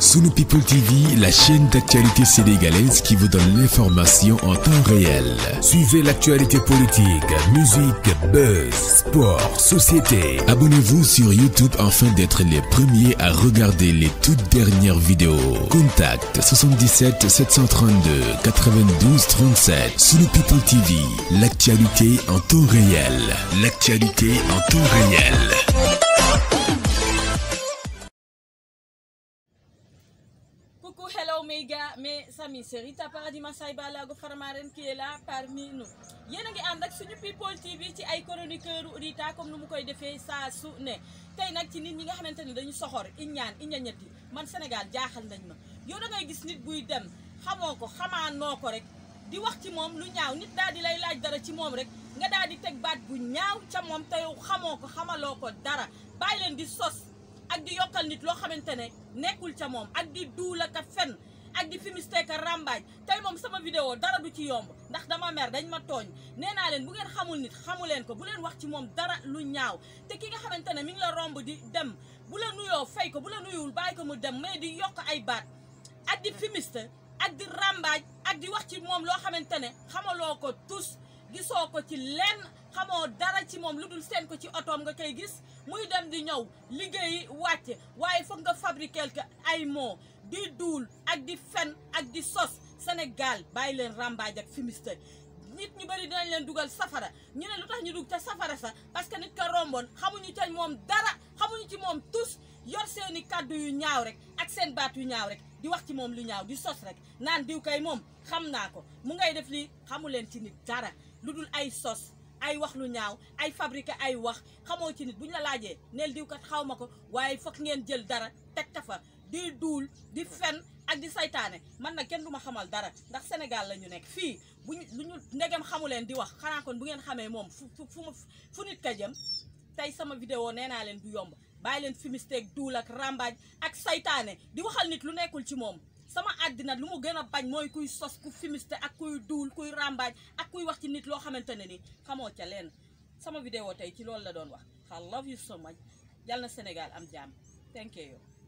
Sunu People TV, la chaîne d'actualité sénégalaise qui vous donne l'information en temps réel. Suivez l'actualité politique, musique, buzz, sport, société. Abonnez-vous sur YouTube afin d'être les premiers à regarder les toutes dernières vidéos. Contact 77 732 92 37. Sunu People TV, l'actualité en temps réel. L'actualité en temps réel. Omega mais Samy Serita Paradis Massaye Balago Faramaren qui est là parmi nous yéen a ngi ànd ak suñu People TV ci ay chroniqueur Rita comme nu mu koy defee saa su ne tey nag ci nit ñi nga xamante ni dañu soxor iñaan iñañati man Sénégal jaaxal nañ ma yow da ngay gis nit buy dem xamoo ko xamaanoo ko rek di wax ci moom lu ñaaw nit daal di lay laaj dara ci moom rek nga daal di teg baat bu ñaaw ca moom te xamoo ko xamaloo ko dara bàyyi leen di sos ak di yokkal nit loo xamante ne nekkul ca moom ak di duulaka fen ak di fimisteeka ràmbaaj tey moom sama vidéo dara du ci yomb ndax dama mer dañ ma tooñ nee naa leen bu ngeen xamul nit xamu leen ko bu leen wax ci moom dara lu ñaaw te ki nga xamante ne mi la romb di dem bu la nuyoo fay ko bu la nuyuwul bàyyi ko mu dem mais di yokk ay baat ak di fimiste ak di ràmbaaj ak di wax ci moom loo xamante ne xamaloo ko tus gisoo ko ci lenn xamoo dara ci moom lu dul seen ko ci otoom nga koy gis muy dem di ñëw liggéeyi wàcc waaye foog nga fabriquer que ay moo di duul ak di fen ak di sos Sénégal bàyyi leen rambaaj ak fumiste nit ñu bëri dinañ leen dugal safara ñu ne lu tax ñu dugg te safara sa parce que nit ka romboon xamuñu ca moom dara xamuñu ci moom tus yor seeni kàddu yu ñaaw rek ak seen baat yu ñaaw rek di wax ci moom lu ñaaw di sos rek naan diw kay moom xam naa ko mu ngay def lii xamu leen ci nit dara lu dul ay sos ay wax lu ñaaw ay fabriqué ay wax xamoo ci nit bu ñu la laajee neel diw kat xaw ma ko waaye foog ngeen jël dara teg ta di duul di fen ak di seytaane man nag kenn du ma xamal dara ndax Sénégal la ñu nekk fii bu ñu lu ñu ndegem xamu leen di wax xanaa kon bu ngeen xamee moom fu fu fu nit ka jëm tey sama vidéo nee naa leen du yomb bàyyi leen fumisteeg duul ak rambaaj ak saytaane di waxal nit lu nekkul ci moom. sama àddina lu mu gën a bañ mooy kuy sos ku fumiste ak kuy duul kuy rambaaj kuy wax ci nit loo xamante ne ni xamoo ca leen sama vidéo tey ci loolu la doon wax I love you so much yal na Sénégal am jàmm thank you